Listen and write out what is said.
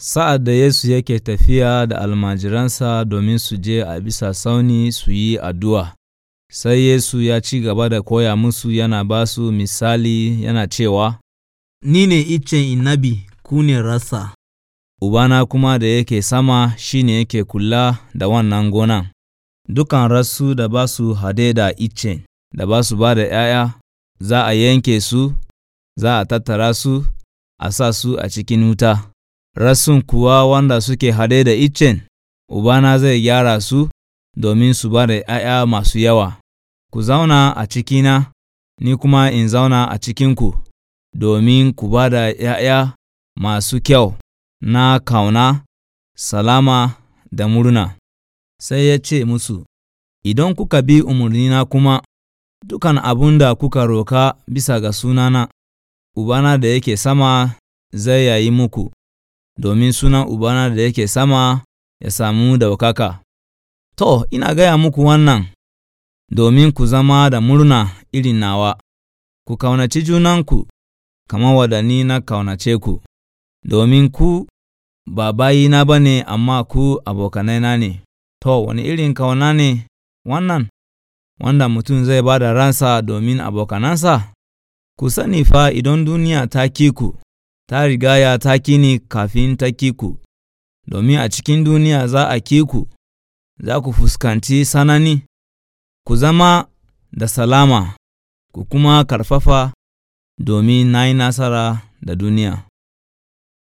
Sa'ad da Yesu yake tafiya da almajiransa domin su je a bisa sauni su yi addu'a, sai Yesu ya ci gaba da koya musu yana ba su misali yana cewa, Ni ne icen inabi, ku ne rasa. Ubana kuma da yake sama shi ne yake kula da wannan gonan, dukan rasu da ba su hade da icen, da ba su ba da ’ya'ya, za a yanke su, za a tattara su, a sa su a cikin wuta. rassun kuwa wanda suke hade da iccen, Ubana zai gyara su domin su ba da ’ya'ya masu yawa, ku zauna a cikina, ni kuma in zauna a cikinku, domin ku ba da ’ya'ya masu kyau na kauna, salama da murna. Sai ya ce musu, Idan kuka bi umarnina kuma, dukan abun da kuka roka bisa ga sunana, Ubana da yake sama zai yayi muku. domin sunan Ubana da yake sama ya samu daukaka. To, ina gaya muku wannan, domin ku zama da murna irin nawa, ku kaunaci junanku, kama wadani na kaunace ku, domin ku ba bayina ba ne amma ku abokanaina ne. To, wani irin kauna ne wannan, wanda mutum zai ba da ransa domin abokanansa? Ku sani fa idan duniya ta ki ku, ta rigaya ta kini kafin ta kiku, domin a cikin duniya za a kiku, za ku fuskanci sanani, ku zama da salama, ku kuma karfafa domin na yi nasara da duniya.